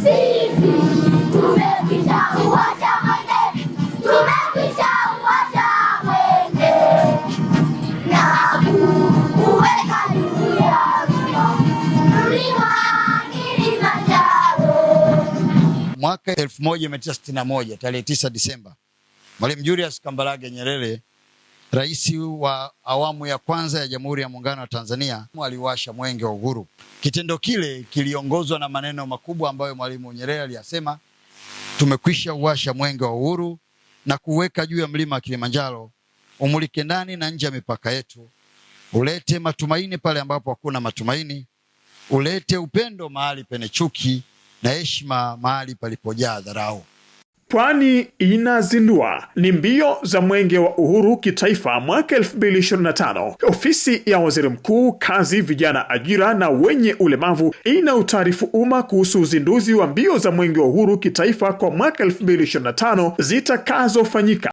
sisi tumekwisha uwacha mwenge, tumekwisha uwacha mwenge na kuweka mlima Kilimanjaro. Mwaka 1961 tarehe 9 Disemba, Mwalimu Julius Kambarage Nyerere Rais wa awamu ya kwanza ya Jamhuri ya Muungano wa Tanzania aliwasha mwenge wa uhuru. Kitendo kile kiliongozwa na maneno makubwa ambayo Mwalimu Nyerere aliyasema, tumekwisha uwasha mwenge wa uhuru na kuweka juu ya mlima wa Kilimanjaro, umulike ndani na nje ya mipaka yetu, ulete matumaini pale ambapo hakuna matumaini, ulete upendo mahali penye chuki na heshima mahali palipojaa dharau. Pwani inazindua ni mbio za mwenge wa uhuru kitaifa mwaka 2025. Ofisi ya Waziri Mkuu, Kazi, Vijana, Ajira na Wenye Ulemavu ina utaarifu umma kuhusu uzinduzi wa mbio za mwenge wa uhuru kitaifa kwa mwaka 2025 zitakazofanyika